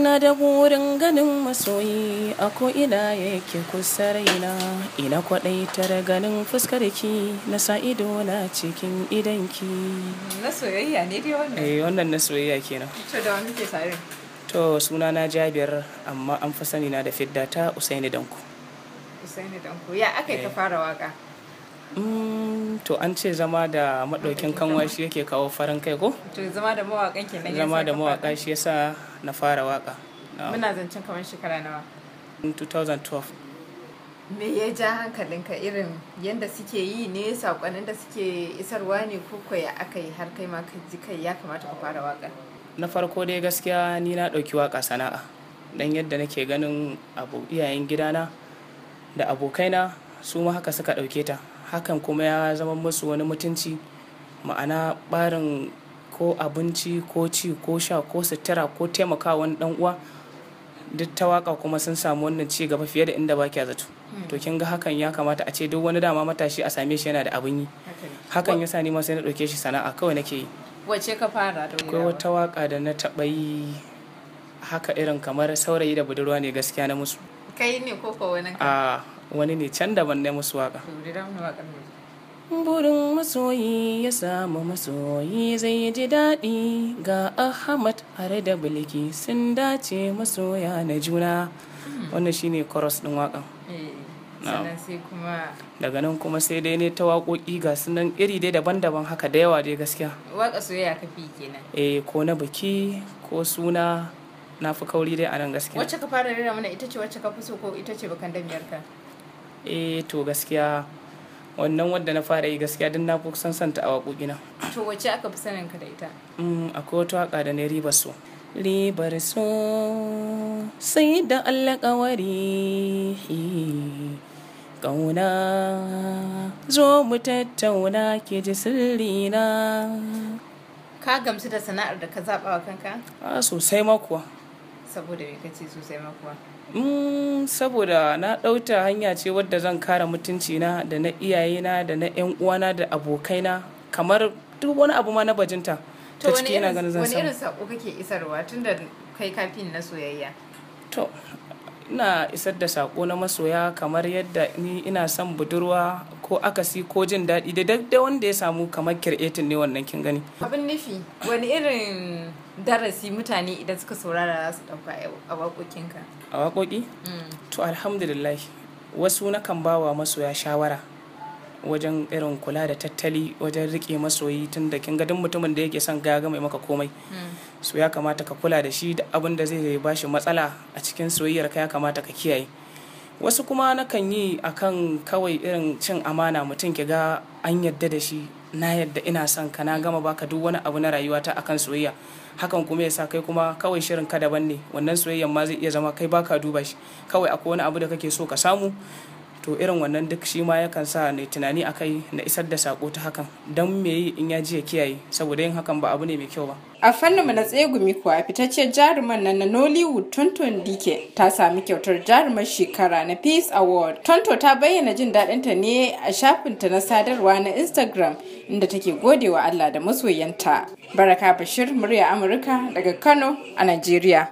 na da burin ganin masoyi a ko'ina yake kusa raina ina kwaɗaitar ganin fuskar ki na sa ido na cikin idanki na soyayya ne dai wannan eh wannan na soyayya kenan to da wani ke sare to suna na jabir amma an fa sani na da fidda ta usaini danko usaini danko ya aka yi ka eh. fara waka Mm, to an ce zama da maɗaukin kanwa shi yake kawo farin kai ko? To zama da mawaƙan ke nan Zama da mawaƙa shi yasa na fara waƙa. Muna zancen kamar shekara nawa? 2012. Me ya ja hankalinka irin yadda suke yi ne saƙonin da suke isarwa ne ko koya aka yi har kai ma ka ji kai ya kamata ka fara waƙa? Na farko dai gaskiya ni na ɗauki waƙa sana'a. Dan yadda nake ganin abu iyayen gidana da abokaina su ma haka suka ɗauke ta hakan kuma ya zama musu wani mutunci ma'ana ɓarin ko abinci ko ci ko sha ko sutura ko taimaka wani ɗan uwa duk ta waka kuma sun samu wannan ci gaba fiye da inda baki zato hmm. to kin ga hakan ya kamata a ce duk wani dama matashi a same shi yana da abin yi hakan yasa ni ma sai na ɗauke shi sana'a kawai nake yi wace ka fara da akwai wata waka da na taba yi haka irin kamar saurayi da budurwa ne gaskiya na musu kai ne ko ko wani a wani ne can daban ne musu waka burin masoyi ya samu masoyi zai ji daɗi ga ahmad har da bilki sun dace masoya na juna hmm. wannan shine koros din wakan daga nan kuma sai dai ne ta waƙoƙi ga sunan iri dai daban-daban haka da yawa dai gaskiya waƙa soyayya kafi kenan eh ko na biki ko suna na fi kauri dai a nan gaskiya wacce ka fara rera mana ita ce wacce ka fi so ko ita ce bakan damiyar ka eh to gaskiya wannan wadda na fara yi gaskiya din na fi san santa a waƙoƙina to wacce aka fi sanin ka da ita mm, akwai wata waƙa da na riba so ribar so sai da Allah kawari kauna zo mu tattauna ke ji sirrina ka gamsu da sana'ar da ka zaɓa wa kanka? a sosai makuwa saboda me kace so sai makuwa mm, saboda na ɗauta hanya ce wadda zan kare mutunci na da na iyayena da na yan uwana da abokaina kamar duk wani abu ma na bajinta ta ciki ina ganin zan wani irin sako kake isarwa tunda kai kafin na soyayya to ina isar da sako na masoya kamar yadda ni ina son budurwa ko akasi ko jin daɗi da duk wanda ya samu kamar kir'etin ne wannan kin gani abin nufi wani irin darasi mutane idan suka saurara za su ɗauka a waƙoƙinka a waƙoƙi mm. to alhamdulillah wasu na kan bawa masoya shawara wajen irin kula da tattali wajen riƙe masoyi tun da kin ga duk mutumin da yake son gaga mai maka komai mm. so ya kamata ka kula da shi da abin da zai bashi matsala a cikin soyayyar ka ya kamata ka kiyaye wasu kuma na kan yi akan kawai irin cin amana mutum ki ga an yadda da shi na yadda ina son ka na gama baka duk wani abu na rayuwa ta akan soyayya hakan kuma yasa kai kuma kawai shirin ka daban ne wannan soyayyan ma zai iya zama kai baka duba shi kawai akwai wani abu da kake so ka samu to irin wannan duk shi ma yakan sa ne tunani a kai na isar da sako ta hakan don me yi in ya ji ya kiyaye saboda yin hakan ba abu ne mai kyau ba a fannin mu na tsegumi kuwa fitaccen jaruman nan na nollywood tonton dk ta sami kyautar jarumar shekara na peace award tonto ta bayyana jin daɗinta ne a shafinta na sadarwa na instagram inda take godewa allah da masoyanta baraka bashir murya amurka daga kano a nigeria.